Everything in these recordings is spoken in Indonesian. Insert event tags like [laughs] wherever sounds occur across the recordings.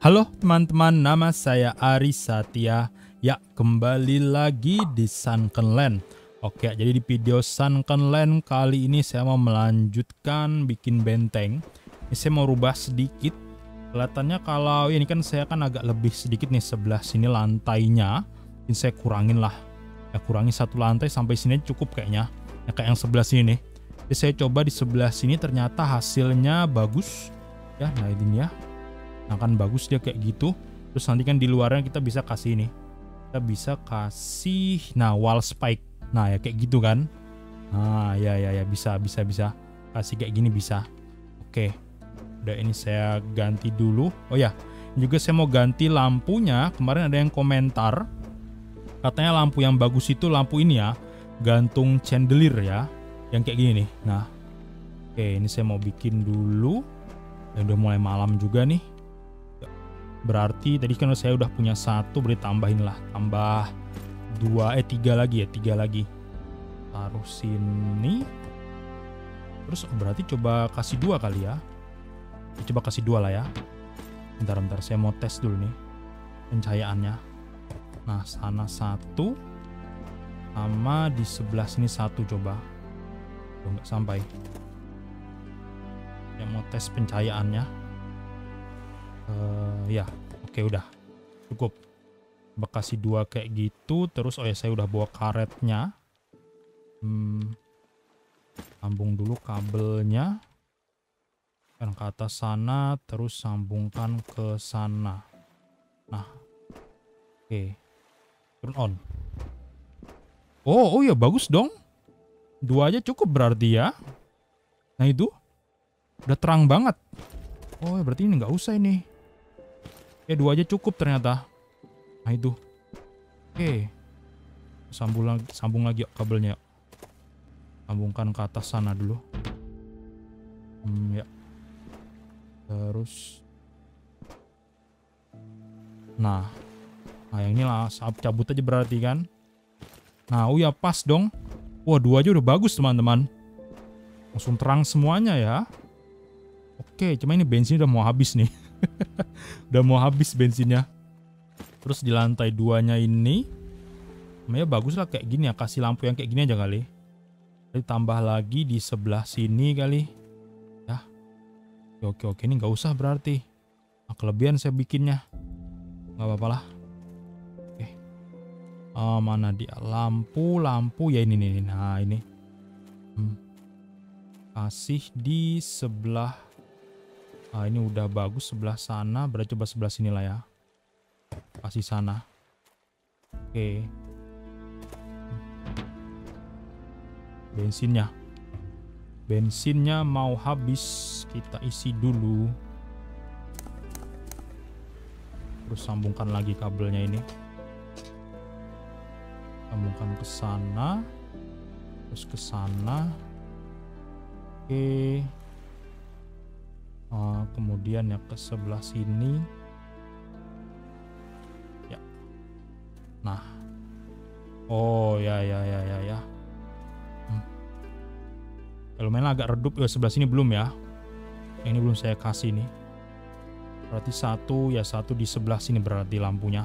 Halo teman-teman, nama saya Ari Satya. Ya, kembali lagi di Sunken Land. Oke, jadi di video Sunken Land kali ini saya mau melanjutkan bikin benteng. Ini saya mau rubah sedikit. Kelihatannya kalau ini kan saya kan agak lebih sedikit nih sebelah sini lantainya. Ini saya kurangin lah. Ya, kurangi satu lantai sampai sini cukup kayaknya. Ya, kayak yang sebelah sini nih. Jadi saya coba di sebelah sini ternyata hasilnya bagus. Ya, nah ini ya akan bagus dia kayak gitu. Terus nanti kan di luarnya kita bisa kasih ini. Kita bisa kasih nah wall spike. Nah ya kayak gitu kan. Nah ya ya ya bisa bisa bisa. Kasih kayak gini bisa. Oke. Udah ini saya ganti dulu. Oh ya, juga saya mau ganti lampunya. Kemarin ada yang komentar katanya lampu yang bagus itu lampu ini ya, gantung chandelier ya, yang kayak gini nih. Nah, oke ini saya mau bikin dulu. Ya, udah mulai malam juga nih Berarti tadi kan saya udah punya satu, beri tambahin lah, tambah dua, eh tiga lagi ya, tiga lagi. Taruh sini. Terus oh, berarti coba kasih dua kali ya. Coba kasih dua lah ya. Bentar, bentar, saya mau tes dulu nih pencahayaannya. Nah, sana satu, sama di sebelah sini satu coba. nggak sampai. Saya mau tes pencahayaannya. Eh, ya oke okay, udah cukup bekasi dua kayak gitu terus oh ya saya udah bawa karetnya hmm, sambung dulu kabelnya dan ke atas sana terus sambungkan ke sana nah oke okay. turn on oh oh ya bagus dong dua aja cukup berarti ya nah itu udah terang banget oh ya berarti ini nggak usah ini Ya, dua aja cukup ternyata. Nah itu. Oke. Sambung lagi, sambung lagi yuk kabelnya. Yuk. Sambungkan ke atas sana dulu. Hmm ya. Terus. Nah. Nah yang ini lah cabut aja berarti kan. Nah oh ya pas dong. Wah dua aja udah bagus teman-teman. Langsung terang semuanya ya. Oke, cuma ini bensin udah mau habis nih. Udah mau habis bensinnya. Terus di lantai duanya ini, namanya bagus lah kayak gini ya. Kasih lampu yang kayak gini aja kali. ditambah tambah lagi di sebelah sini kali. Ya. Oke, ya, oke, oke. Ini nggak usah berarti. Nah, kelebihan saya bikinnya. Nggak apa-apa lah. Oke. Uh, mana dia? Lampu, lampu. Ya ini, nih. Nah, ini. Hmm. Kasih di sebelah Ah ini udah bagus sebelah sana, berarti coba sebelah sini lah ya. Pasti sana. Oke. Bensinnya. Bensinnya mau habis, kita isi dulu. Terus sambungkan lagi kabelnya ini. Sambungkan ke sana. Terus ke sana. Oke. Okay uh, kemudian ya ke sebelah sini ya nah oh ya ya ya ya ya hmm. ya agak redup ya sebelah sini belum ya yang ini belum saya kasih nih berarti satu ya satu di sebelah sini berarti lampunya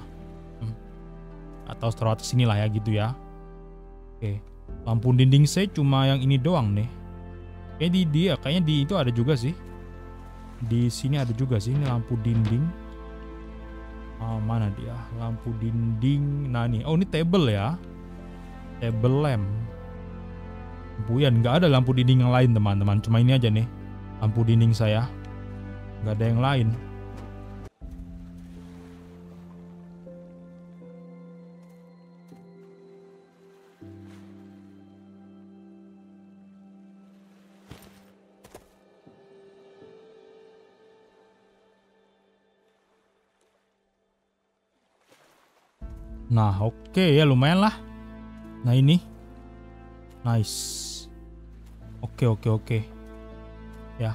hmm. atau setelah sini lah ya gitu ya oke lampu dinding saya cuma yang ini doang nih kayaknya di dia kayaknya di itu ada juga sih di sini ada juga sih ini lampu dinding ah, mana dia lampu dinding nah ini oh ini table ya table lamp buyan nggak ada lampu dinding yang lain teman-teman cuma ini aja nih lampu dinding saya nggak ada yang lain Nah, oke okay, ya lumayan lah. Nah, ini. Nice. Oke, okay, oke, okay, oke. Okay. Ya.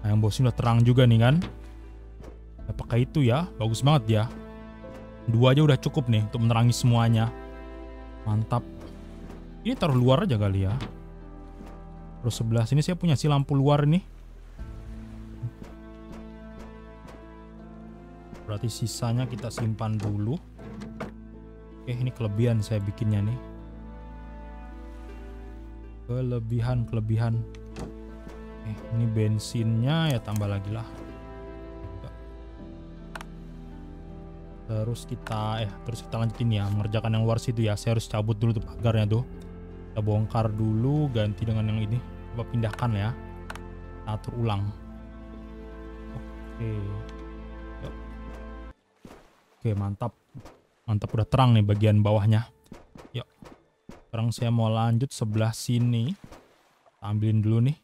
Nah, yang bosnya udah terang juga nih kan. Ya, pakai itu ya. Bagus banget ya. Dua aja udah cukup nih untuk menerangi semuanya. Mantap. Ini taruh luar aja kali ya. Terus sebelah sini saya punya si lampu luar nih. Berarti sisanya kita simpan dulu. Oke, eh, ini kelebihan saya bikinnya nih. Kelebihan, kelebihan. Eh, ini bensinnya ya tambah lagi lah. Terus kita eh terus kita lanjutin ya mengerjakan yang luar situ ya. Saya harus cabut dulu tuh pagarnya tuh. Kita bongkar dulu ganti dengan yang ini. Coba pindahkan ya. Atur ulang. Oke. Oke, mantap. Mantap, udah terang nih bagian bawahnya. Yuk. Sekarang saya mau lanjut sebelah sini. Kita ambilin dulu nih.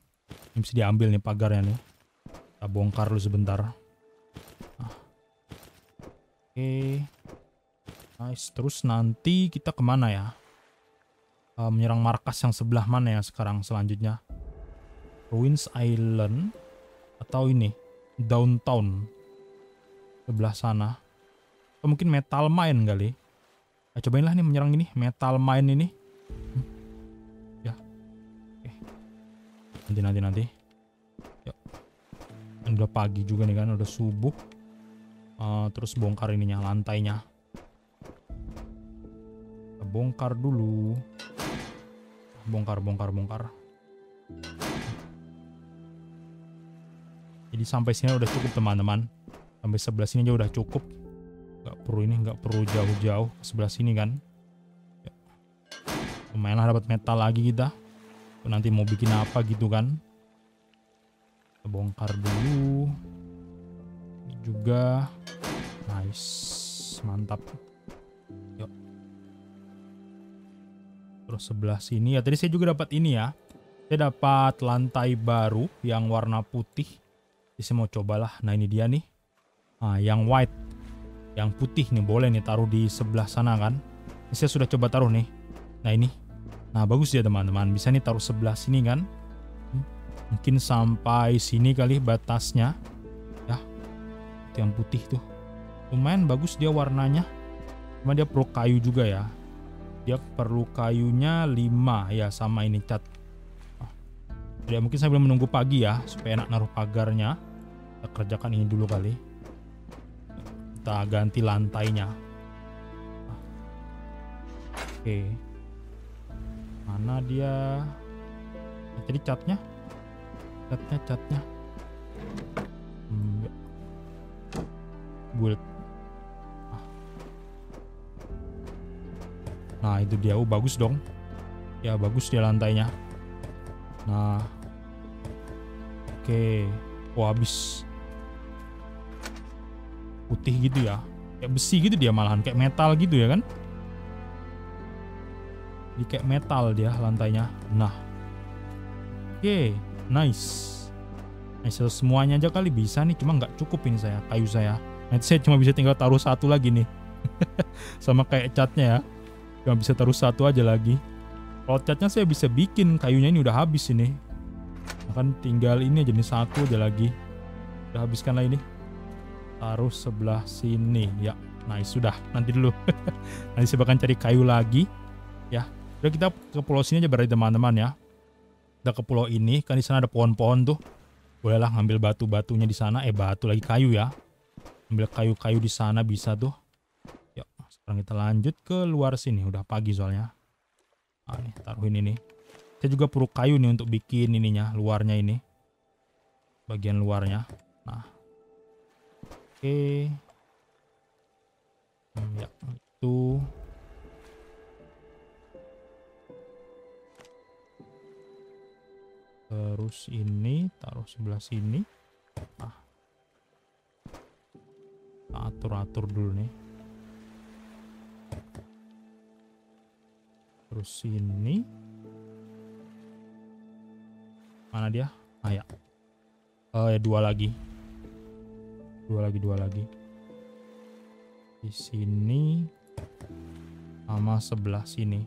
Ini bisa diambil nih pagarnya nih. Kita bongkar dulu sebentar. Nah. Oke. Nice. Terus nanti kita kemana ya? Uh, menyerang markas yang sebelah mana ya sekarang selanjutnya? Ruins Island atau ini? Downtown. Sebelah sana. Atau mungkin metal mine kali. Nah, cobain lah nih menyerang ini, metal mine ini. Hmm. Ya. Oke. Nanti nanti nanti. Yuk. Ya. Dan udah pagi juga nih kan, udah subuh. Uh, terus bongkar ininya lantainya. Kita bongkar dulu. Bongkar, bongkar, bongkar. Jadi sampai sini udah cukup teman-teman. Sampai sebelah sini aja udah cukup nggak perlu ini nggak perlu jauh-jauh ke sebelah sini kan ya. lumayanlah dapat metal lagi kita nanti mau bikin apa gitu kan kita bongkar dulu ini juga nice mantap yuk terus sebelah sini ya tadi saya juga dapat ini ya saya dapat lantai baru yang warna putih jadi saya mau cobalah nah ini dia nih Nah, yang white yang putih nih boleh nih taruh di sebelah sana kan ini saya sudah coba taruh nih nah ini nah bagus ya teman-teman bisa nih taruh sebelah sini kan hmm, mungkin sampai sini kali batasnya ya yang putih tuh lumayan bagus dia warnanya cuma dia perlu kayu juga ya dia perlu kayunya 5 ya sama ini cat ya mungkin sambil menunggu pagi ya supaya enak naruh pagarnya kita kerjakan ini dulu kali kita ganti lantainya oke mana dia nah, catnya catnya catnya enggak build ah. nah itu dia oh bagus dong ya bagus dia lantainya nah oke okay. oh habis putih gitu ya kayak besi gitu dia malahan kayak metal gitu ya kan Di kayak metal dia lantainya nah oke okay, nice nice semuanya aja kali bisa nih cuma nggak cukup ini saya kayu saya nanti saya cuma bisa tinggal taruh satu lagi nih [laughs] sama kayak catnya ya cuma bisa taruh satu aja lagi kalau catnya saya bisa bikin kayunya ini udah habis ini akan tinggal ini aja satu aja lagi udah habiskan lah ini taruh sebelah sini ya nice sudah nanti dulu [laughs] nanti saya akan cari kayu lagi ya udah kita ke pulau sini aja berarti teman-teman ya kita ke pulau ini kan di sana ada pohon-pohon tuh bolehlah ngambil batu-batunya di sana eh batu lagi kayu ya ambil kayu-kayu di sana bisa tuh yuk ya, sekarang kita lanjut ke luar sini udah pagi soalnya nah, nih taruhin ini saya juga perlu kayu nih untuk bikin ininya luarnya ini bagian luarnya nah Oke. Okay. ya, itu. Terus ini taruh sebelah sini. Ah. Atur-atur dulu nih. Terus sini. Mana dia? Ah ya. Eh, dua lagi dua lagi dua lagi di sini sama sebelah sini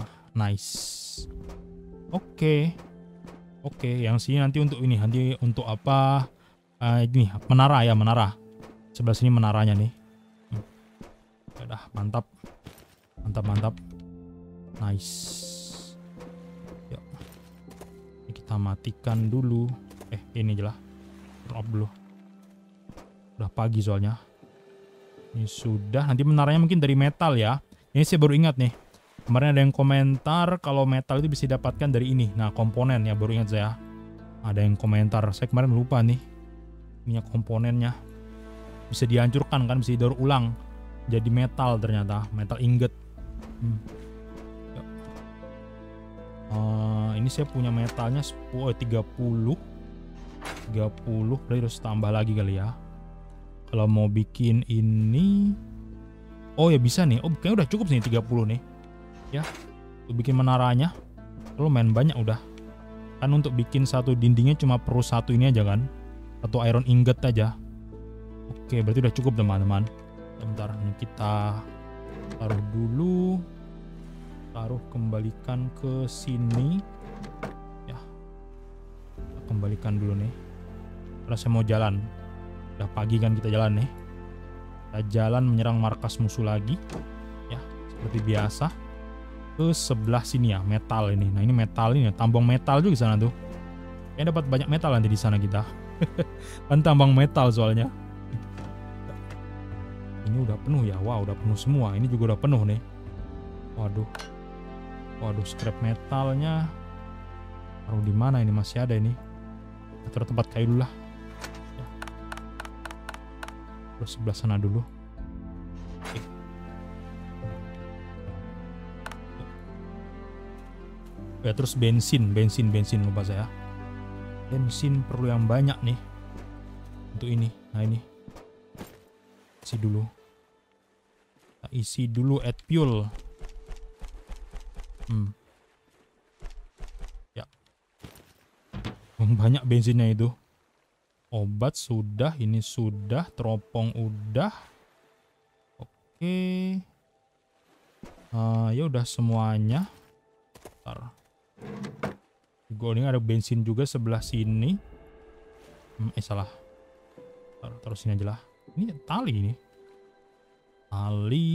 nah, nice oke okay. oke okay, yang sini nanti untuk ini nanti untuk apa uh, ini menara ya menara sebelah sini menaranya nih udah mantap mantap mantap nice yuk kita matikan dulu eh ini jelas drop dulu udah pagi soalnya ini sudah nanti menaranya mungkin dari metal ya ini saya baru ingat nih kemarin ada yang komentar kalau metal itu bisa didapatkan dari ini nah komponen ya baru ingat saya ada yang komentar saya kemarin lupa nih minyak komponennya bisa dihancurkan kan bisa didaur ulang jadi metal ternyata metal ingot hmm. uh, ini saya punya metalnya 10, 30 eh, 30 berarti harus tambah lagi kali ya kalau mau bikin ini oh ya bisa nih oh kayaknya udah cukup sih 30 nih ya untuk bikin menaranya lo main banyak udah kan untuk bikin satu dindingnya cuma perlu satu ini aja kan Atau iron ingot aja oke berarti udah cukup teman-teman bentar ini kita taruh dulu taruh kembalikan ke sini kembalikan dulu nih karena saya mau jalan udah pagi kan kita jalan nih kita jalan menyerang markas musuh lagi ya seperti biasa ke sebelah sini ya metal ini nah ini metal ini ya, tambang metal juga di sana tuh kayaknya dapat banyak metal nanti di sana kita [laughs] kan tambang metal soalnya ini udah penuh ya wow udah penuh semua ini juga udah penuh nih waduh waduh scrap metalnya taruh di mana ini masih ada ini atur tempat kayu dulu lah ya. terus sebelah sana dulu ya terus bensin bensin bensin lupa saya bensin perlu yang banyak nih untuk ini nah ini isi dulu nah, isi dulu at fuel hmm banyak bensinnya itu. Obat sudah, ini sudah, teropong udah. Oke. Uh, ya udah semuanya. Bentar. gue ini ada bensin juga sebelah sini. Hmm, eh salah. Bentar, taruh sini aja lah. Ini tali ini. Tali.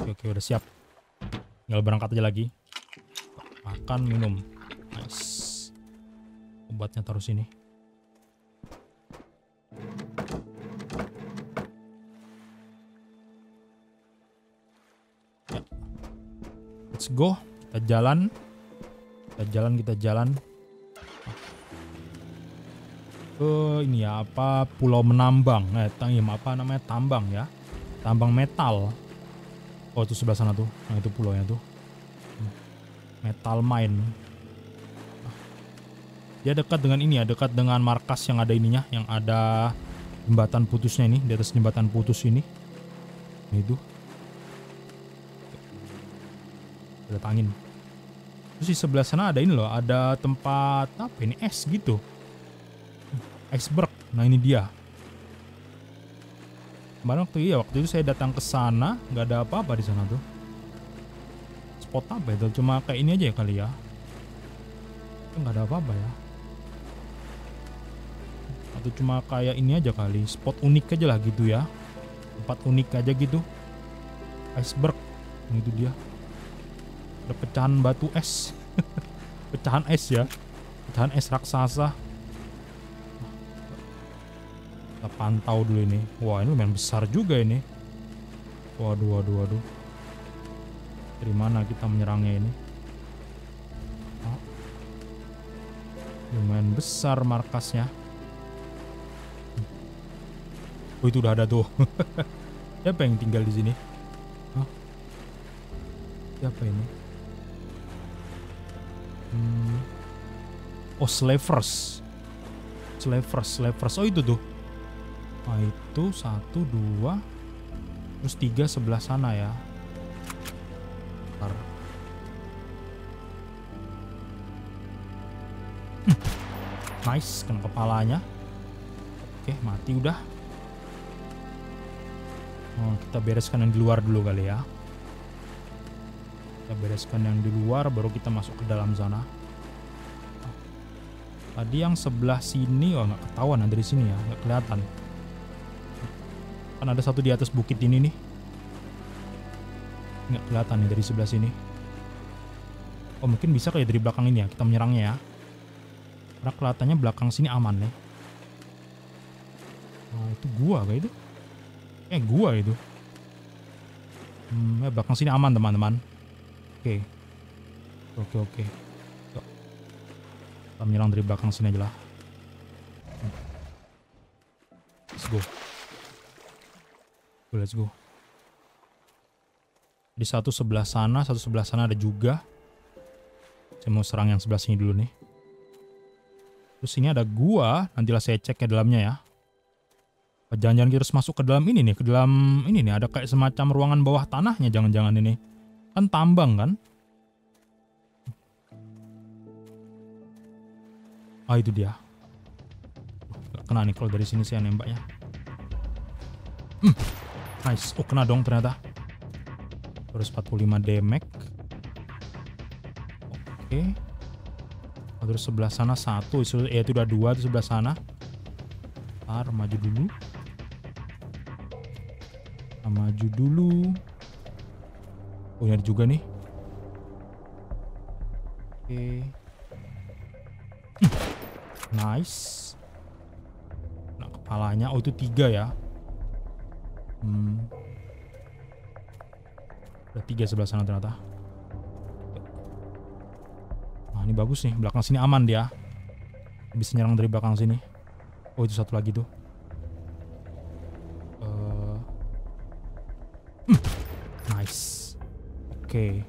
Oke, oke udah siap. Tinggal berangkat aja lagi. Makan, minum. Nice obatnya taruh sini ya let's go kita jalan kita jalan kita jalan ke uh, ini ya apa pulau menambang eh tang iya, apa namanya tambang ya tambang metal oh itu sebelah sana tuh nah itu pulaunya tuh hmm. metal mine dia dekat dengan ini ya, dekat dengan markas yang ada ininya, yang ada jembatan putusnya ini, di atas jembatan putus ini. Nah, itu Ada angin. Terus di sebelah sana ada ini loh, ada tempat apa ini es gitu. Iceberg. Nah ini dia. Kemarin waktu iya waktu itu saya datang ke sana nggak ada apa-apa di sana tuh. Spot apa itu? Cuma kayak ini aja ya kali ya. Nggak ada apa-apa ya atau cuma kayak ini aja kali spot unik aja lah gitu ya tempat unik aja gitu iceberg itu dia ada pecahan batu es [laughs] pecahan es ya pecahan es raksasa kita pantau dulu ini wah ini lumayan besar juga ini waduh waduh waduh dari mana kita menyerangnya ini ah. lumayan besar markasnya Oh itu udah ada tuh. [laughs] Siapa yang tinggal di sini? Hah? Siapa ini? Hmm. Oh slavers. Slavers, slavers. Oh itu tuh. Nah itu satu, dua. Terus tiga sebelah sana ya. Bentar. Hmm. Nice, kena kepalanya. Oke, mati udah. Nah, kita bereskan yang di luar dulu kali ya. Kita bereskan yang di luar, baru kita masuk ke dalam sana. tadi yang sebelah sini, oh nggak ketahuan dari sini ya, nggak kelihatan. Kan ada satu di atas bukit ini nih. Nggak kelihatan nih dari sebelah sini. Oh mungkin bisa kayak dari belakang ini ya, kita menyerangnya ya. Karena kelihatannya belakang sini aman nih. Nah, itu gua kayak itu. Kayak eh, gua itu. Hmm, ya belakang sini aman teman-teman. Oke. Okay. Oke okay, oke. Okay. Kita menyerang dari belakang sini aja lah. Hmm. Let's go. go. Let's go. Di satu sebelah sana, satu sebelah sana ada juga. Saya mau serang yang sebelah sini dulu nih. Terus ini ada gua, nantilah saya cek ke dalamnya ya. Jangan-jangan kita harus masuk ke dalam ini nih, ke dalam ini nih ada kayak semacam ruangan bawah tanahnya jangan-jangan ini. Kan tambang kan? Ah itu dia. Gak kena nih kalau dari sini saya nembaknya. Hmm. Nice. Oh kena dong ternyata. Terus 45 damage. Oke. Okay. terus sebelah sana satu, ya itu udah dua, itu sebelah sana. Ntar maju dulu maju dulu oh juga nih oke okay. nice nah kepalanya oh itu tiga ya hmm ada tiga sebelah sana ternyata nah ini bagus nih belakang sini aman dia bisa nyerang dari belakang sini oh itu satu lagi tuh okay.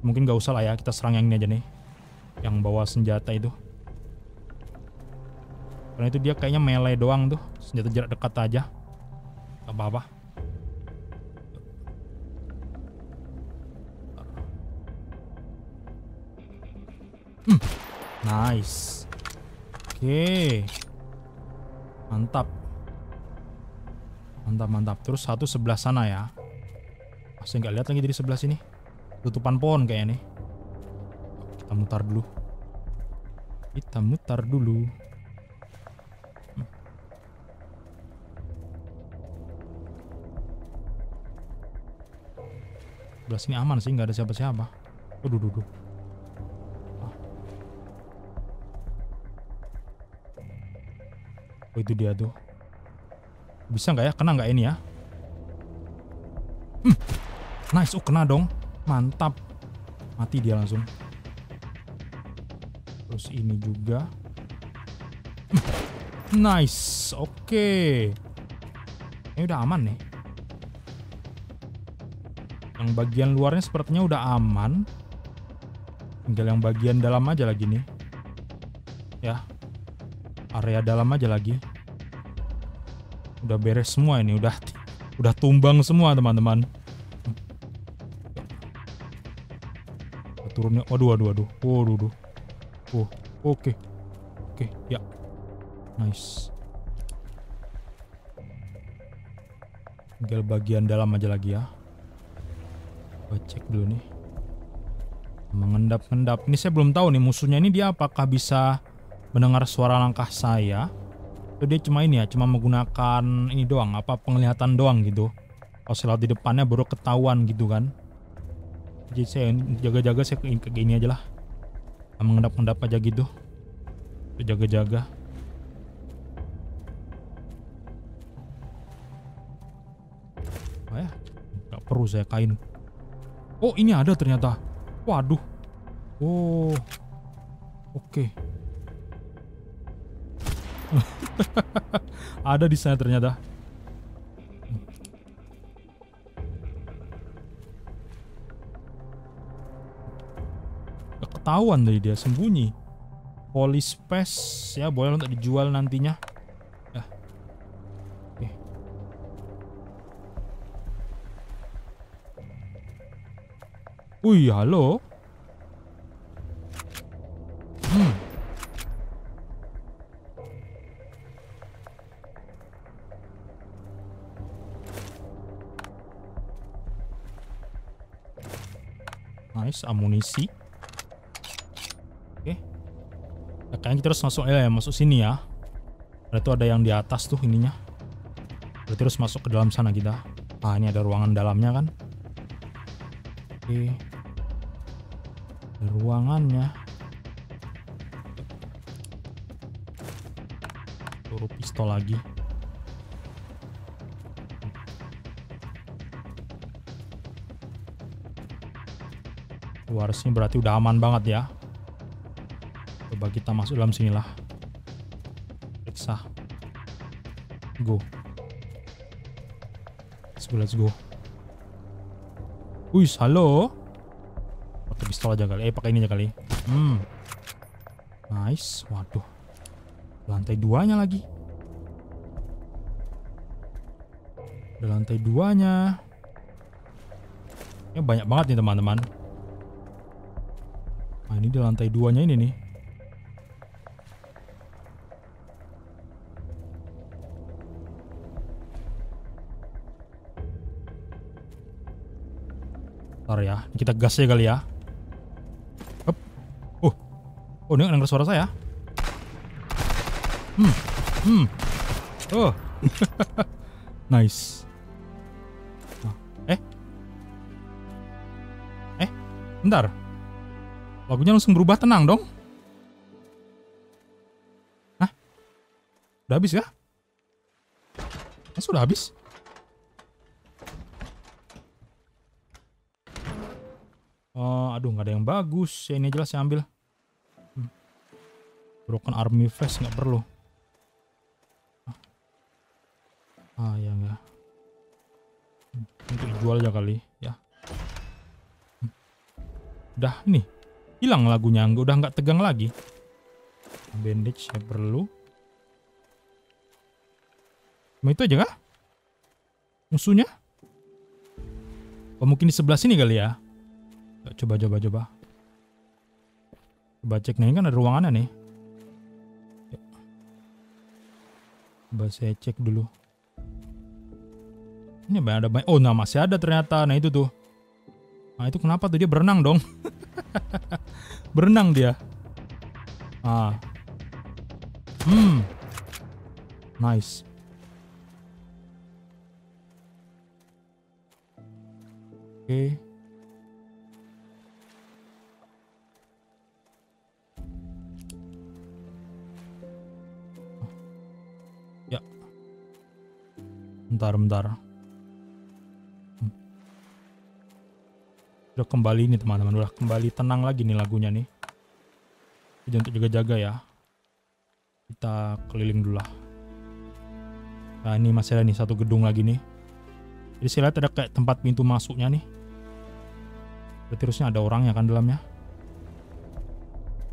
mungkin gak usah lah ya kita serang yang ini aja nih yang bawa senjata itu karena itu dia kayaknya melee doang tuh senjata jarak dekat aja gak apa-apa hmm. nice oke okay. mantap mantap mantap terus satu sebelah sana ya saya nggak lihat lagi dari sebelah sini tutupan pohon kayaknya nih kita mutar dulu kita mutar dulu sebelah sini aman sih nggak ada siapa-siapa aduh -siapa. duh, Oh, itu dia tuh bisa nggak ya kena nggak ini ya hmm. Nice, oh kena dong. Mantap. Mati dia langsung. Terus ini juga. [laughs] Nice, oke. Okay. Ini udah aman nih. Yang bagian luarnya sepertinya udah aman. Tinggal yang bagian dalam aja lagi nih. Ya. Area dalam aja lagi. Udah beres semua ini, udah udah tumbang semua teman-teman. turunnya. Waduh, waduh, waduh. Waduh, oh, waduh. Oh, oke. Okay. Oke, okay, ya. Nice. Tinggal bagian dalam aja lagi ya. Gue cek dulu nih. Mengendap-endap. Ini saya belum tahu nih musuhnya ini dia apakah bisa mendengar suara langkah saya. Itu dia cuma ini ya, cuma menggunakan ini doang, apa penglihatan doang gitu. Kalau saya di depannya baru ketahuan gitu kan jadi saya jaga-jaga saya ke gini aja lah mengendap-endap aja gitu jaga-jaga ah ya nggak perlu saya kain oh ini ada ternyata waduh oh oke okay. [laughs] ada di sana ternyata ketahuan dari dia sembunyi polispes pes ya boleh untuk dijual nantinya Oke. okay. Wih, halo. Hmm. Nice, amunisi. kayaknya kita harus masuk ya, ya masuk sini ya ada tuh ada yang di atas tuh ininya berarti harus masuk ke dalam sana kita ah ini ada ruangan dalamnya kan oke ada ruangannya turun pistol lagi luar sini berarti udah aman banget ya coba kita masuk dalam sinilah periksa ah. go let's go let's go Wih, halo pakai pistol aja kali eh pakai ini aja kali hmm nice waduh lantai duanya lagi ada lantai duanya ini eh, banyak banget nih teman-teman nah ini di lantai duanya ini nih motor ya. Kita gas aja kali ya. Hup. Uh. Oh, dia denger suara saya. Hmm. Hmm. Oh. [laughs] nice. Nah, eh. Eh, bentar. Lagunya langsung berubah tenang dong. Hah? Udah habis ya? Eh, sudah habis? Uh, aduh nggak ada yang bagus. Ya ini jelas saya ambil. Hmm. Broken army face nggak perlu. Ah, ah ya nggak. Ya. Hmm. Untuk jual aja kali, ya. Hmm. Udah nih. Hilang lagunya, nggak udah nggak tegang lagi. Bandage saya perlu. Cuma itu aja kah? Musuhnya? Oh, mungkin di sebelah sini kali ya? Coba, coba, coba. Coba cek nih, kan ada ruangannya nih. Coba saya cek dulu. Ini banyak ada banyak. Oh, nah masih ada ternyata. Nah itu tuh. Nah itu kenapa tuh dia berenang dong? [laughs] berenang dia. Ah. Hmm. Nice. Oke. Okay. bentar bentar udah kembali nih teman-teman udah kembali tenang lagi nih lagunya nih jadi untuk juga jaga ya kita keliling dulu lah nah ini masih ada nih satu gedung lagi nih jadi saya lihat ada kayak tempat pintu masuknya nih berarti harusnya ada orang ya kan dalamnya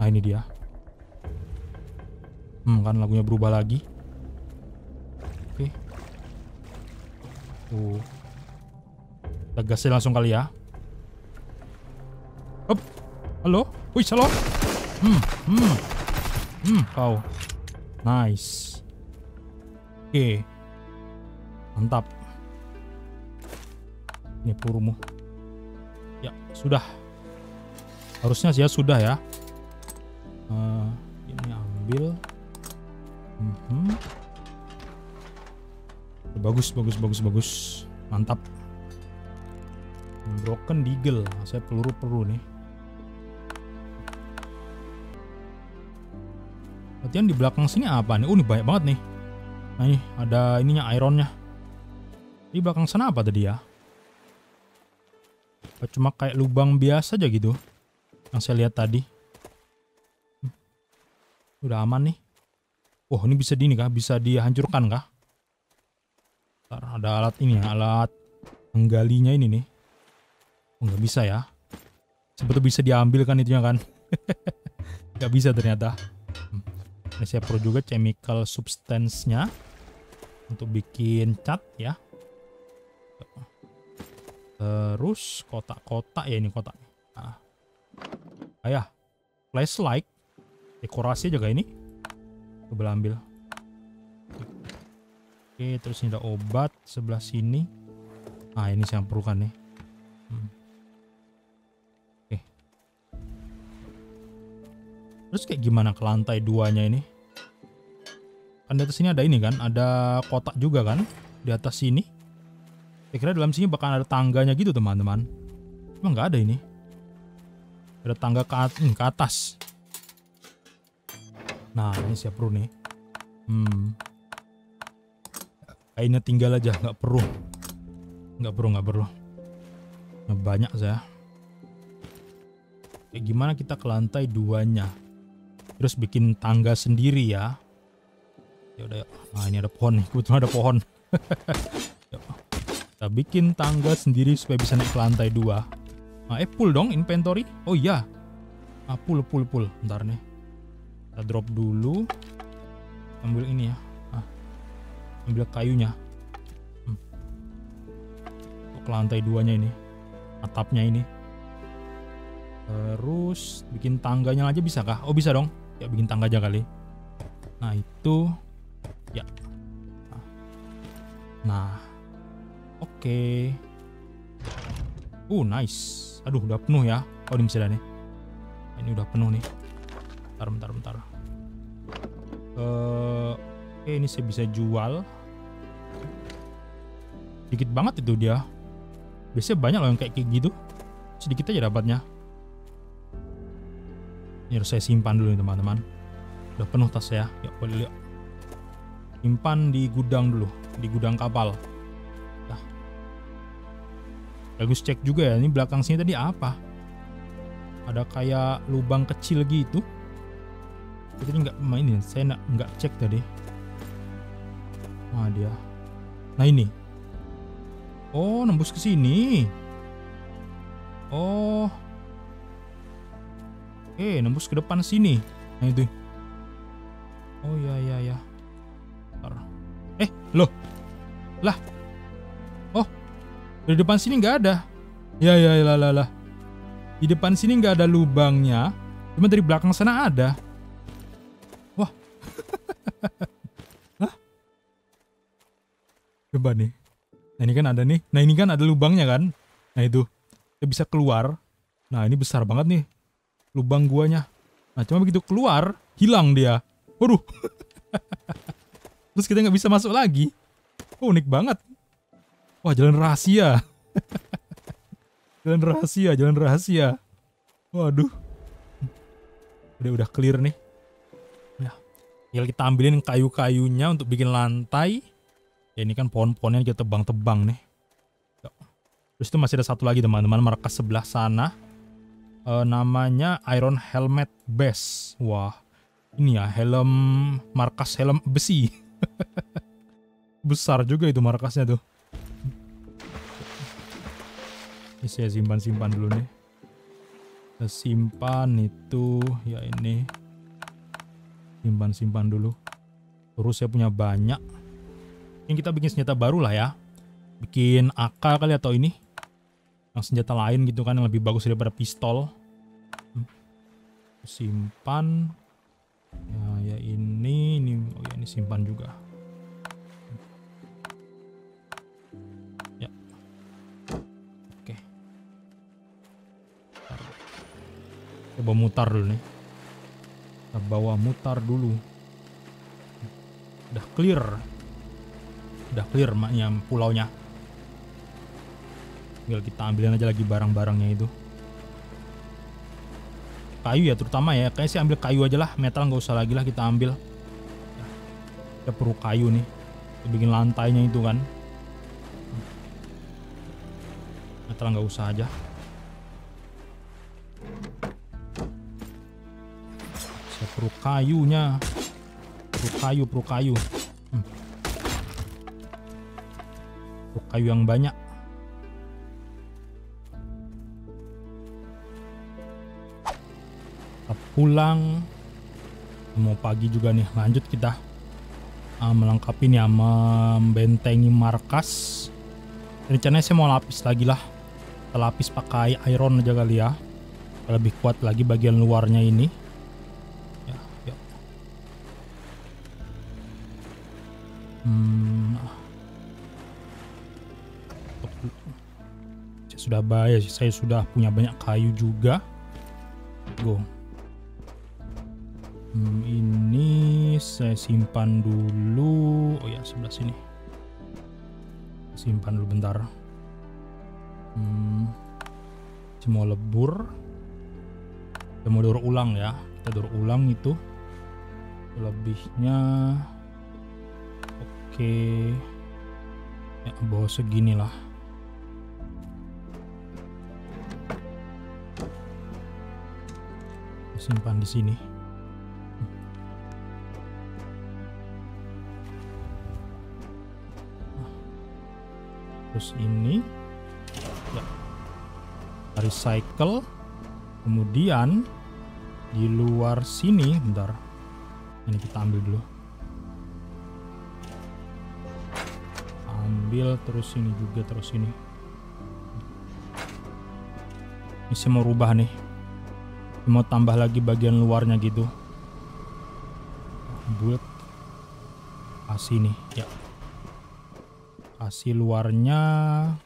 nah ini dia hmm kan lagunya berubah lagi aku tegasin langsung kali ya Hop. halo wih salah hmm hmm hmm kau nice oke okay. mantap ini purumu. ya sudah harusnya sih ya sudah ya uh, ini ambil mm -hmm. hmm bagus bagus bagus bagus mantap broken deagle saya peluru peluru nih latihan di belakang sini apa nih oh ini banyak banget nih nah ini ada ininya ironnya di belakang sana apa tadi ya cuma kayak lubang biasa aja gitu yang saya lihat tadi udah aman nih Oh ini bisa di ini kah? Bisa dihancurkan kah? Bentar, ada alat ini ya, alat menggalinya ini nih. Oh, nggak bisa ya. Sebetulnya bisa diambil kan itunya kan. [laughs] nggak bisa ternyata. Hmm. Ini saya perlu juga chemical substance-nya untuk bikin cat ya. Terus kotak-kotak ya ini kotak. Nah. Ayah, ya. flashlight, dekorasi juga ini. Coba ambil. Oke, terus ini ada obat sebelah sini. Ah, ini saya perlukan nih. Hmm. Oke. Terus kayak gimana ke lantai duanya ini? Kan di atas sini ada ini kan, ada kotak juga kan di atas sini. Saya kira dalam sini bakal ada tangganya gitu teman-teman. Emang nggak ada ini. Ada tangga ke, at hmm, ke atas. Nah, ini siap perlu nih. Hmm. Kayaknya tinggal aja, nggak perlu. Nggak perlu, nggak perlu. Nah, banyak saya. Ya, gimana kita ke lantai duanya? Terus bikin tangga sendiri ya. Ya udah, nah ini ada pohon nih, kebetulan ada pohon. [laughs] kita bikin tangga sendiri supaya bisa naik ke lantai dua. Nah, eh pull dong inventory. Oh iya. Ah, pull, pull, pull. Ntar nih. Kita drop dulu. Ambil ini ya ambil kayunya hmm. untuk oh, lantai duanya ini atapnya ini terus bikin tangganya aja bisa kah oh bisa dong ya bikin tangga aja kali nah itu ya nah oke okay. uh nice aduh udah penuh ya oh ini misalnya nih ini udah penuh nih bentar bentar bentar uh, oke ini saya bisa jual sedikit banget itu dia biasanya banyak loh yang kayak gitu sedikit aja dapatnya ini harus saya simpan dulu nih teman-teman udah penuh tas ya. ya boleh lihat simpan di gudang dulu di gudang kapal nah. bagus cek juga ya ini belakang sini tadi apa ada kayak lubang kecil gitu kita nggak mainin saya nggak cek tadi Nah dia. Nah ini. Oh, nembus ke sini. Oh. Oke, nembus ke depan sini. Nah itu. Oh ya ya ya. Bentar. Eh, loh. Lah. Oh. Di depan sini nggak ada. Ya ya, ya lah lah lah. Di depan sini nggak ada lubangnya. Cuma dari belakang sana ada. Wah. [laughs] Coba nih. Nah ini kan ada nih. Nah ini kan ada lubangnya kan. Nah itu. Kita bisa keluar. Nah ini besar banget nih. Lubang guanya. Nah cuma begitu keluar. Hilang dia. Waduh. [laughs] Terus kita nggak bisa masuk lagi. Oh, unik banget. Wah jalan rahasia. [laughs] jalan rahasia. Jalan rahasia. Waduh. Udah udah clear nih. ya, tinggal kita ambilin kayu-kayunya untuk bikin lantai. Ya ini kan pohon-pohonnya kita tebang-tebang nih. Terus itu masih ada satu lagi teman-teman markas sebelah sana. E, namanya Iron Helmet Base. Wah, ini ya helm markas helm besi. [laughs] Besar juga itu markasnya tuh. Ini saya simpan-simpan dulu nih. Saya simpan itu ya ini. Simpan-simpan dulu. Terus saya punya banyak Mungkin kita bikin senjata baru lah ya. Bikin AK kali atau ini. Yang senjata lain gitu kan yang lebih bagus daripada pistol. Hmm. Simpan. Ya, ya ini, ini, oh ya ini simpan juga. Ya. Oke. Coba mutar dulu nih. Kita bawa mutar dulu. Udah clear udah clear maknya pulaunya tinggal kita ambilin aja lagi barang-barangnya itu kayu ya terutama ya kayaknya sih ambil kayu aja lah metal nggak usah lagi lah kita ambil kita perlu kayu nih kita bikin lantainya itu kan metal nggak usah aja saya perlu kayunya perlu kayu perlu kayu kayu yang banyak. Kita pulang. Mau pagi juga nih, lanjut kita uh, melengkapi nih, membentengi markas. Rencananya saya mau lapis lagi lah. Kita lapis pakai iron aja kali ya. lebih kuat lagi bagian luarnya ini. bahaya sih. saya sudah punya banyak kayu juga go hmm, ini saya simpan dulu oh ya sebelah sini simpan dulu bentar hmm, semua lebur kita mau daur ulang ya kita daur ulang itu lebihnya oke okay. ya, bawah segini lah simpan di sini. Terus ini ya. Recycle. Kemudian di luar sini bentar. Ini kita ambil dulu. Ambil terus ini juga terus ini. Ini saya rubah nih mau tambah lagi bagian luarnya gitu buat asi nih ya asi luarnya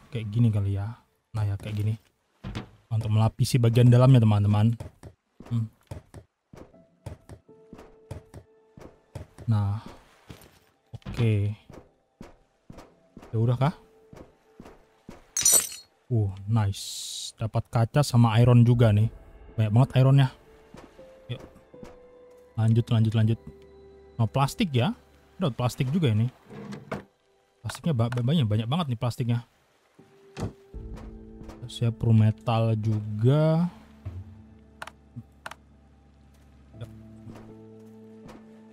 kayak gini kali ya nah ya kayak gini untuk melapisi bagian dalamnya teman-teman hmm. nah oke okay. ya udah kah uh nice dapat kaca sama iron juga nih banyak banget ironnya. Yuk. Lanjut, lanjut, lanjut. no, plastik ya. Ada plastik juga ini. Plastiknya banyak, banyak banget nih plastiknya. Siap pro metal juga.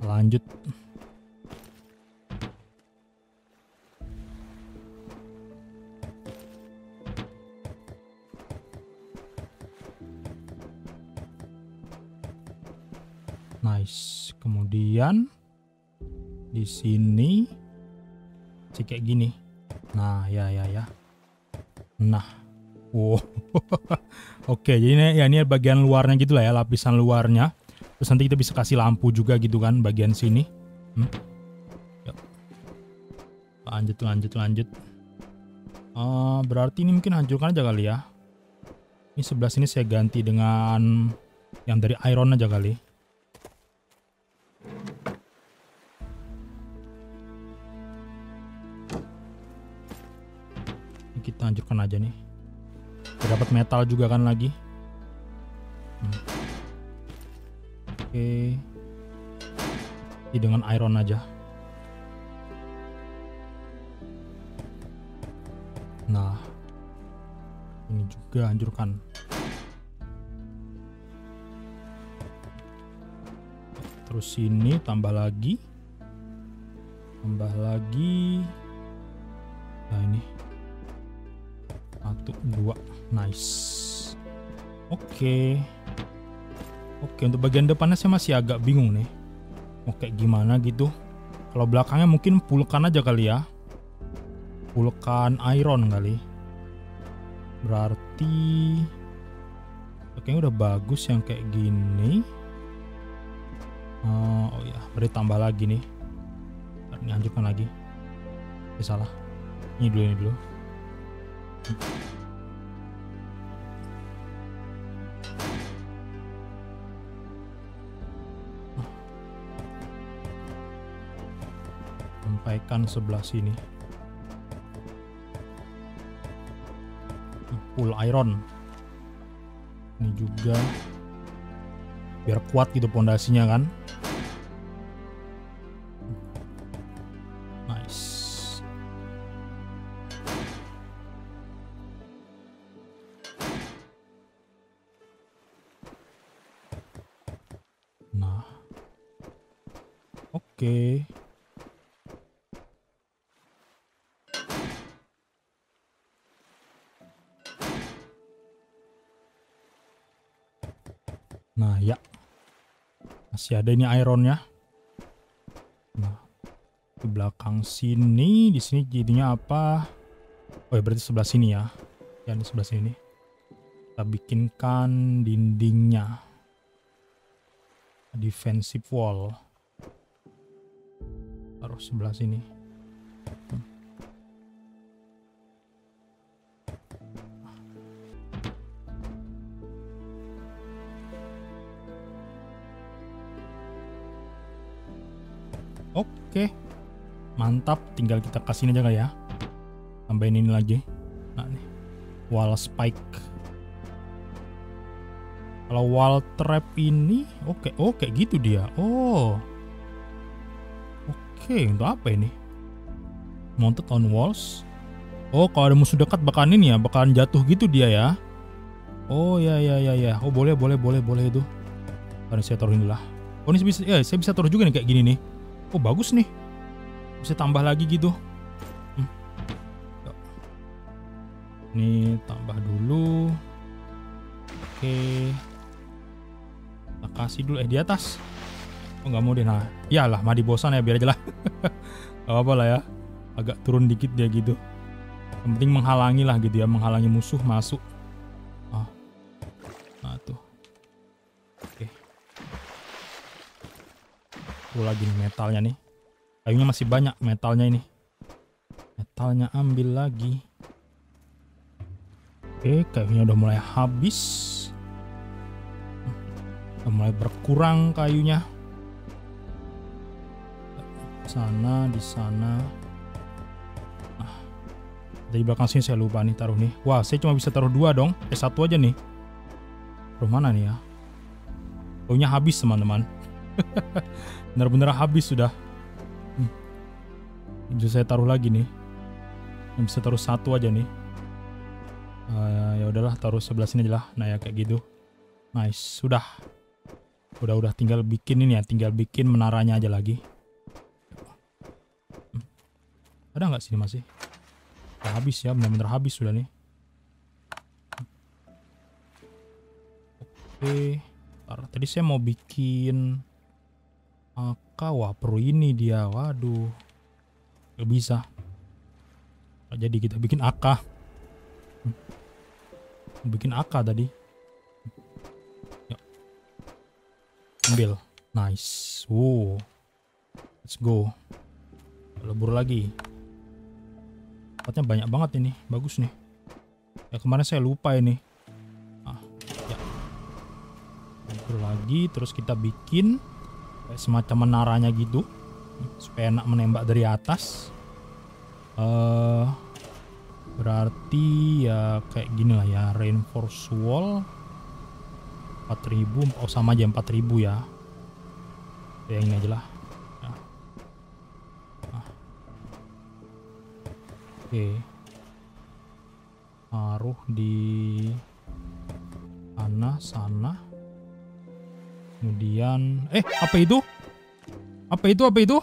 Lanjut. kemudian di sini cek kayak gini nah ya ya ya nah wow [laughs] oke jadi ini ya ini bagian luarnya gitu lah ya lapisan luarnya terus nanti kita bisa kasih lampu juga gitu kan bagian sini hmm. Yuk. lanjut lanjut lanjut uh, berarti ini mungkin hancurkan aja kali ya ini sebelah sini saya ganti dengan yang dari iron aja kali kita hancurkan aja nih kita dapat metal juga kan lagi hmm. oke okay. dengan iron aja nah ini juga hancurkan terus ini tambah lagi tambah lagi nah ini satu dua nice oke okay. oke okay, untuk bagian depannya saya masih agak bingung nih mau kayak gimana gitu kalau belakangnya mungkin pulkan aja kali ya pulkan iron kali berarti kayaknya udah bagus yang kayak gini uh, oh ya beri tambah lagi nih ini lanjutkan lagi eh, salah ini dulu ini dulu sampaikan sebelah sini full iron ini juga biar kuat gitu pondasinya kan masih ada ini ironnya nah di belakang sini di sini jadinya apa oh ya berarti sebelah sini ya yang di sebelah sini kita bikinkan dindingnya defensive wall harus sebelah sini Oke. Mantap, tinggal kita kasihin aja kali ya. Tambahin ini lagi. Nah, nih. Wall spike. Kalau wall trap ini, oke, okay, oh, oke okay, gitu dia. Oh. Oke, okay, untuk apa ini? Mounted on walls. Oh, kalau ada musuh dekat bakalan ini ya, bakalan jatuh gitu dia ya. Oh ya ya ya ya. Oh boleh boleh boleh boleh itu. Karena saya taruh inilah. Oh ini bisa, ya, saya bisa taruh juga nih kayak gini nih oh bagus nih bisa tambah lagi gitu hmm. ini tambah dulu oke kita kasih dulu eh di atas oh nggak mau deh nah iyalah madi bosan ya biar aja lah [laughs] gak apa-apa lah ya agak turun dikit dia gitu yang penting menghalangi lah gitu ya menghalangi musuh masuk Aku lagi nih metalnya nih. Kayunya masih banyak metalnya ini. Metalnya ambil lagi. Oke, kayunya udah mulai habis. Udah mulai berkurang kayunya. sana, di sana. Nah, dari belakang sini saya lupa nih taruh nih. Wah, saya cuma bisa taruh dua dong. Eh, satu aja nih. Taruh mana nih ya? Kayunya habis teman-teman. [laughs] benar-benar habis sudah hmm. ini bisa saya taruh lagi nih yang bisa taruh satu aja nih uh, ya udahlah taruh sebelah sini aja lah nah ya kayak gitu nice sudah udah udah tinggal bikin ini ya tinggal bikin menaranya aja lagi hmm. ada nggak sini masih udah habis ya benar-benar habis sudah nih oke okay. tadi saya mau bikin maka wah pro ini dia. Waduh. Gak bisa. Jadi kita bikin AK. Bikin AK tadi. Yuk. Ya. Ambil. Nice. Wow. Let's go. Lebur lagi. Tempatnya banyak banget ini. Bagus nih. Ya kemarin saya lupa ini. Ah, ya. Lebur lagi. Terus kita bikin kayak semacam menaranya gitu supaya enak menembak dari atas uh, berarti ya kayak gini lah ya reinforce wall 4000 oh sama aja 4000 ya ya ini aja lah ya. ah. oke okay. taruh di sana sana Kemudian, eh apa itu? Apa itu? Apa itu?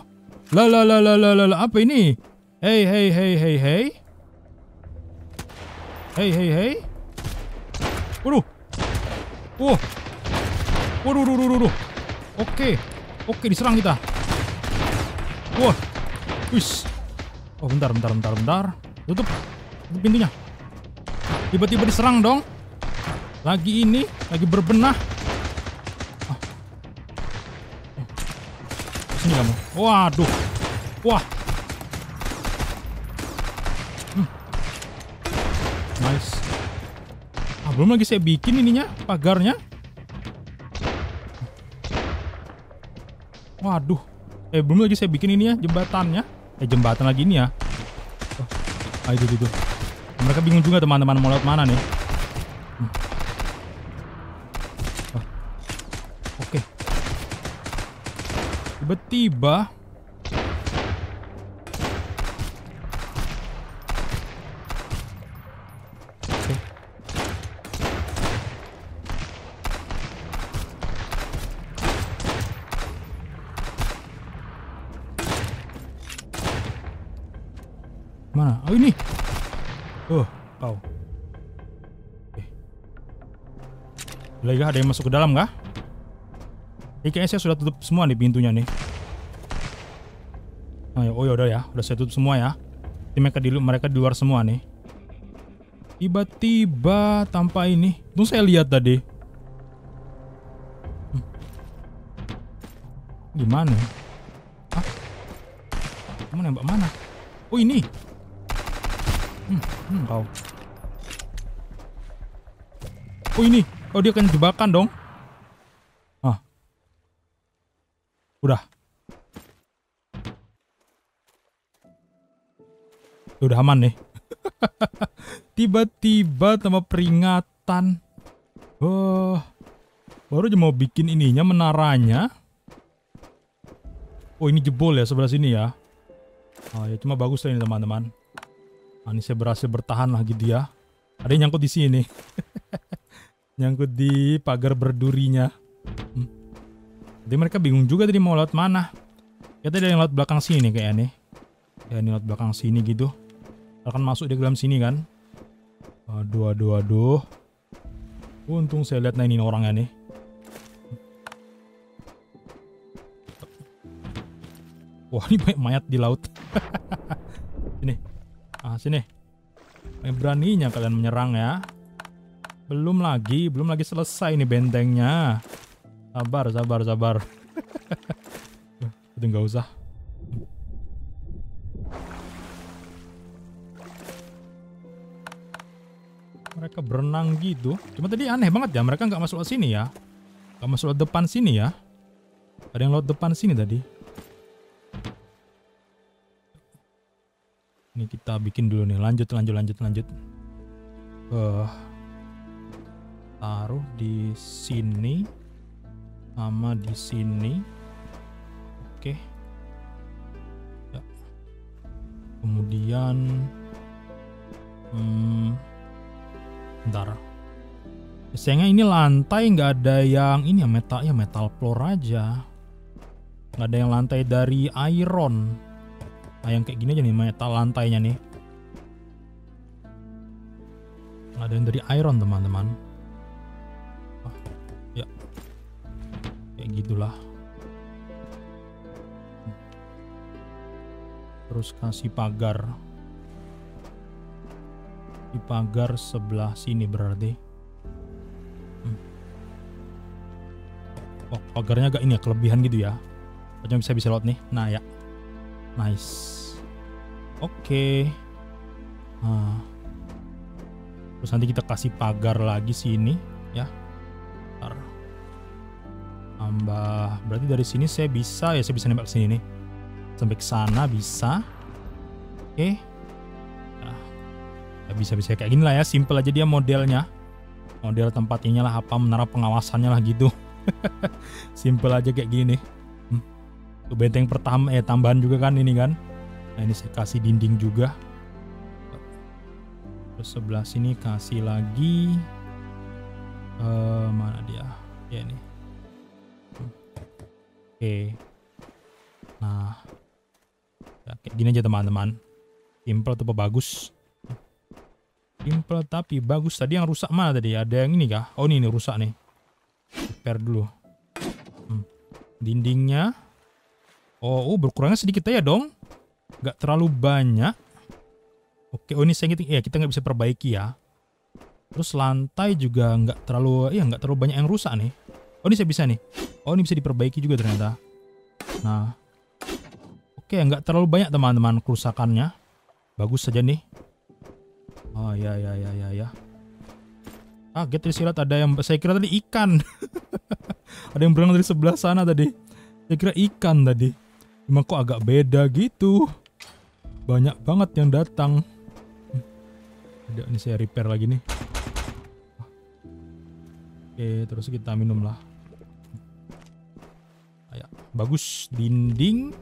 La la la la la la apa ini? Hey hey hey hey hey. Hey hey hey. Waduh. Wow. Waduh, waduh, waduh, waduh. Oke. Oke, diserang kita. Wah. Wis. Oh, bentar, bentar, bentar, bentar. Tutup. Tutup pintunya. Tiba-tiba diserang dong. Lagi ini, lagi berbenah. sini kamu. Waduh. Wah. Hmm. Nice. Ah, belum lagi saya bikin ininya, pagarnya. Waduh. Eh, belum lagi saya bikin ini ya, jembatannya. Eh, jembatan lagi ini ya. Oh. Ah, itu, itu, Mereka bingung juga teman-teman mau lewat mana nih. Betiba. Oke. Mana? Oh ini. Oh, wow. eh, Lagi ada yang masuk ke dalam kah? Ini kayaknya saya sudah tutup semua nih pintunya nih. Ah, ya, oh ya udah ya, udah saya tutup semua ya. Ini mereka di, mereka di luar semua nih. Tiba-tiba tanpa ini, tuh saya lihat tadi. Hmm. Gimana? Hah? Kamu nembak mana? Oh ini. Hmm, hmm, kau. Oh ini. Oh dia kena jebakan dong. Udah. Udah aman nih. [laughs] Tiba-tiba sama peringatan. Oh, baru aja mau bikin ininya menaranya. Oh ini jebol ya sebelah sini ya. Oh ya cuma bagus lah ini teman-teman. Ah, ini Nah, saya berhasil bertahan lagi gitu dia. Ya. Ada yang nyangkut di sini. [laughs] nyangkut di pagar berdurinya. Hmm. Jadi mereka bingung juga tadi mau lewat mana. Kita ya ada yang lewat belakang sini kayaknya nih. Ya ini lewat belakang sini gitu. Akan masuk di dalam sini kan. Aduh, aduh, aduh. Untung saya lihat nah ini orangnya nih. Wah ini banyak mayat di laut. [laughs] sini, ah sini. Yang beraninya kalian menyerang ya. Belum lagi, belum lagi selesai nih bentengnya. Sabar, sabar, sabar. Itu nggak usah. Mereka berenang gitu. Cuma tadi aneh banget ya, mereka nggak masuk ke sini ya. Nggak masuk ke depan sini ya. Ada yang lewat depan sini tadi. Ini kita bikin dulu nih. Lanjut, lanjut, lanjut, lanjut. Uh, taruh di sini sama di sini oke ya. kemudian hmm, ntar, sayangnya ini lantai nggak ada yang ini ya metal ya metal floor aja nggak ada yang lantai dari iron nah yang kayak gini aja nih metal lantainya nih nggak ada yang dari iron teman-teman gitulah terus kasih pagar di pagar sebelah sini berarti hmm. oh, pagarnya agak ini ya kelebihan gitu ya macam bisa bisa lewat nih nah ya nice oke okay. nah. terus nanti kita kasih pagar lagi sini ya tambah berarti dari sini saya bisa ya saya bisa nembak sini nih sampai ke sana bisa oke okay. nah, bisa bisa kayak gini lah ya simple aja dia modelnya model tempatnya lah apa menara pengawasannya lah gitu [laughs] simple aja kayak gini nih hmm. benteng pertama eh tambahan juga kan ini kan nah ini saya kasih dinding juga terus sebelah sini kasih lagi uh, mana dia ya ini Oke. Nah. Ya, gini aja teman-teman. Simple tapi bagus. Simple tapi bagus. Tadi yang rusak mana tadi? Ada yang ini kah? Oh ini, ini rusak nih. Repair dulu. Hmm. Dindingnya. Oh, oh berkurangnya sedikit aja dong. Gak terlalu banyak. Oke, oh ini saya gitu. Ya kita nggak bisa perbaiki ya. Terus lantai juga nggak terlalu, ya nggak terlalu banyak yang rusak nih. Oh ini saya bisa nih. Oh ini bisa diperbaiki juga ternyata. Nah. Oke nggak terlalu banyak teman-teman kerusakannya. Bagus saja nih. Oh ya ya ya ya ya. ah, get silat ada yang saya kira tadi ikan. [laughs] ada yang berenang dari sebelah sana tadi. Saya kira ikan tadi. Emang kok agak beda gitu. Banyak banget yang datang. ini saya repair lagi nih. Oke, terus kita minum lah bagus dinding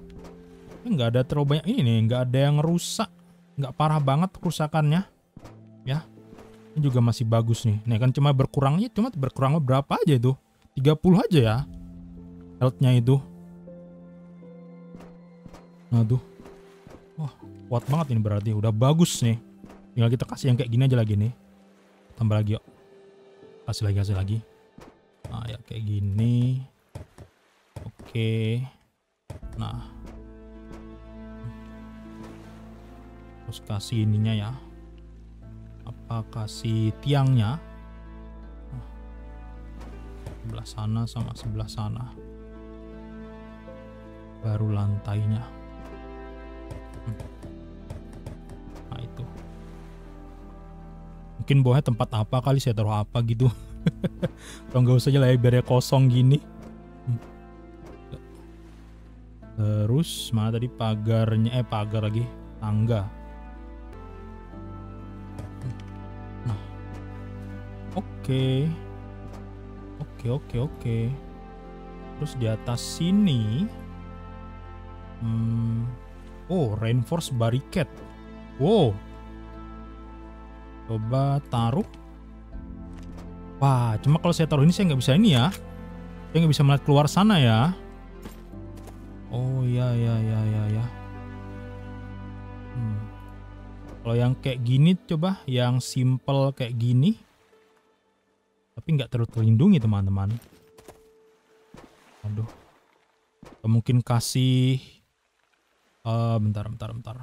nggak ada terlalu banyak ini nih nggak ada yang rusak nggak parah banget kerusakannya ya ini juga masih bagus nih nih kan cuma berkurangnya cuma berkurang berapa aja itu 30 aja ya healthnya itu aduh wah kuat banget ini berarti udah bagus nih tinggal kita kasih yang kayak gini aja lagi nih tambah lagi yuk kasih lagi kasih lagi nah ya kayak gini Oke. Nah. Terus kasih ininya ya. Apa kasih tiangnya? Nah. Sebelah sana sama sebelah sana. Baru lantainya. Hmm. Nah itu. Mungkin bawahnya tempat apa kali saya taruh apa gitu. [laughs] Kalau nggak usah aja lah ya, ya kosong gini. terus mana tadi pagarnya eh pagar lagi tangga nah oke oke oke oke terus di atas sini hmm, oh reinforce barricade wow coba taruh wah cuma kalau saya taruh ini saya nggak bisa ini ya saya nggak bisa melihat keluar sana ya Oh iya iya iya iya ya. Hmm. Kalau yang kayak gini coba yang simple kayak gini tapi nggak terlalu terlindungi teman-teman. Aduh. mungkin kasih uh, bentar bentar bentar.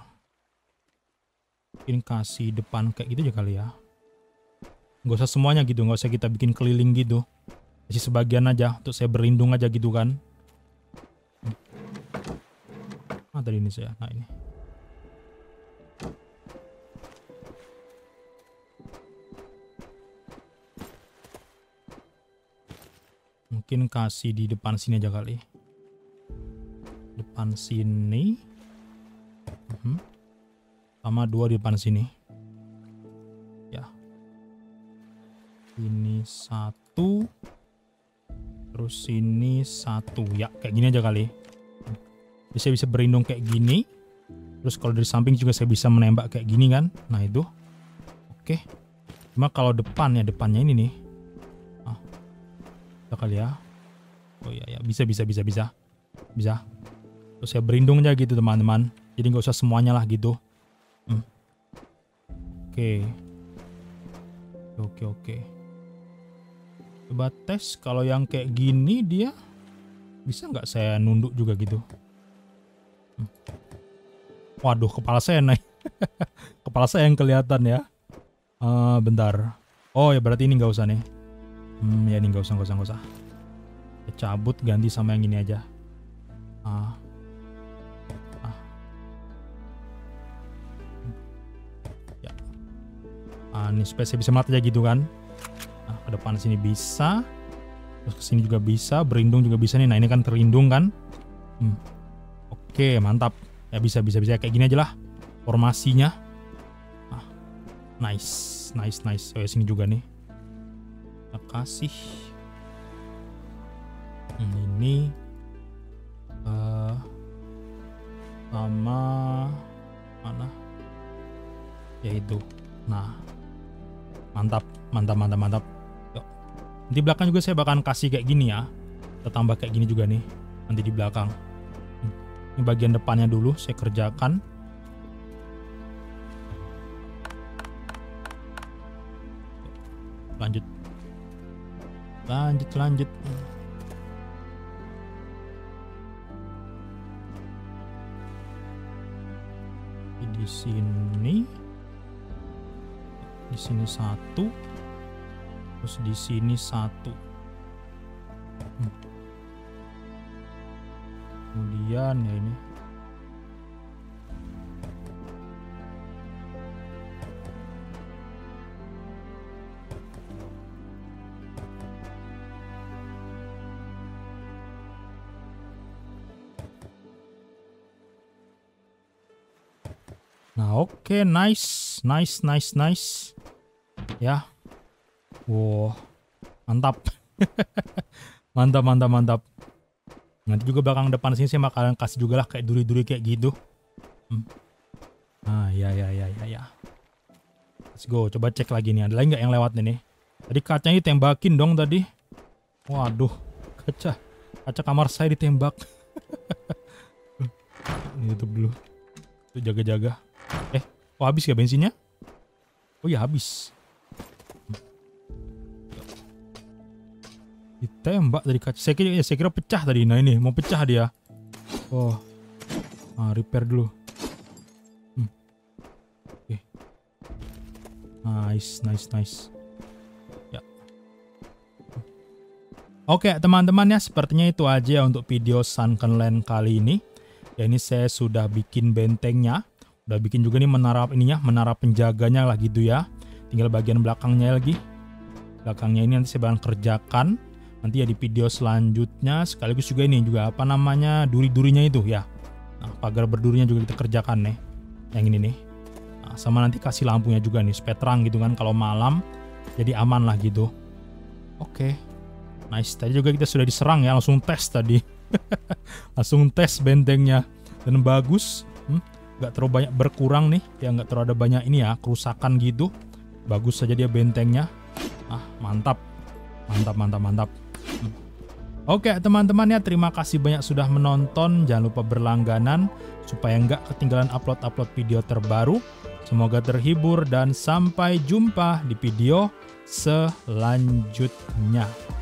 Mungkin kasih depan kayak gitu aja kali ya. Gak usah semuanya gitu, nggak usah kita bikin keliling gitu. Kasih sebagian aja untuk saya berlindung aja gitu kan. ah dari ini saya nah ini mungkin kasih di depan sini aja kali depan sini hmm. sama dua di depan sini ya ini satu terus ini satu ya kayak gini aja kali jadi saya bisa berlindung kayak gini. Terus kalau dari samping juga saya bisa menembak kayak gini kan. Nah itu. Oke. Cuma kalau depan ya depannya ini nih. Ah. Bisa kali ya. Oh iya ya bisa bisa bisa bisa. Bisa. Terus saya berlindung aja gitu teman-teman. Jadi nggak usah semuanya lah gitu. Hmm. Oke. Oke oke. Coba tes kalau yang kayak gini dia bisa nggak saya nunduk juga gitu. Waduh, kepala saya naik. [laughs] kepala saya yang kelihatan ya. Uh, bentar. Oh ya berarti ini nggak usah nih. Hmm ya ini nggak usah nggak usah nggak usah. Ya, cabut ganti sama yang ini aja. Ah. ah. Ya. Ah, ini supaya saya bisa melihat aja gitu kan. Nah, ke depan sini bisa. Terus ke sini juga bisa, berlindung juga bisa nih. Nah, ini kan terlindung kan? Hmm. Oke, mantap. Ya bisa bisa bisa kayak gini aja lah formasinya. Nah, nice, nice, nice. Oh ya sini juga nih. Kita kasih ini uh, sama mana? Yaitu. Nah, mantap, mantap, mantap, mantap. Yuk. Di belakang juga saya bakalan kasih kayak gini ya. Kita tambah kayak gini juga nih nanti di belakang. Ini bagian depannya dulu saya kerjakan. Lanjut. Lanjut, lanjut. Di sini di sini satu terus di sini satu hmm kemudian ya ini Nah, oke, okay, nice, nice, nice, nice. Ya, wow, [laughs] mantap, mantap, mantap, mantap. Nanti juga belakang depan sini saya bakalan kasih juga lah kayak duri-duri kayak gitu. Hmm. Ah ya ya ya ya ya. Let's go, coba cek lagi nih. Ada lagi nggak yang lewat nih? Tadi kacanya ditembakin dong tadi. Waduh, kaca kaca kamar saya ditembak. [laughs] Ini tutup dulu. Itu jaga-jaga. Eh, kok habis ya bensinnya? Oh ya habis. Ditembak ya, dari kaca. Saya kira, ya, saya kira pecah tadi. Nah ini mau pecah dia. Oh, nah, repair dulu. Hmm. Oke. Okay. Nice, nice, nice. Ya. Oke teman-teman ya sepertinya itu aja ya untuk video Sunken Land kali ini. Ya ini saya sudah bikin bentengnya. Udah bikin juga nih menara ininya, menara penjaganya lah gitu ya. Tinggal bagian belakangnya lagi. Belakangnya ini nanti saya akan kerjakan nanti ya di video selanjutnya sekaligus juga ini juga apa namanya duri-durinya itu ya nah pagar berdurinya juga kita kerjakan nih yang ini nih nah, sama nanti kasih lampunya juga nih supaya terang gitu kan kalau malam jadi aman lah gitu oke okay. nice tadi juga kita sudah diserang ya langsung tes tadi [laughs] langsung tes bentengnya dan bagus hmm? nggak terlalu banyak berkurang nih ya nggak terlalu ada banyak ini ya kerusakan gitu bagus saja dia bentengnya ah mantap mantap mantap mantap Oke teman-teman ya terima kasih banyak sudah menonton. Jangan lupa berlangganan supaya nggak ketinggalan upload-upload video terbaru. Semoga terhibur dan sampai jumpa di video selanjutnya.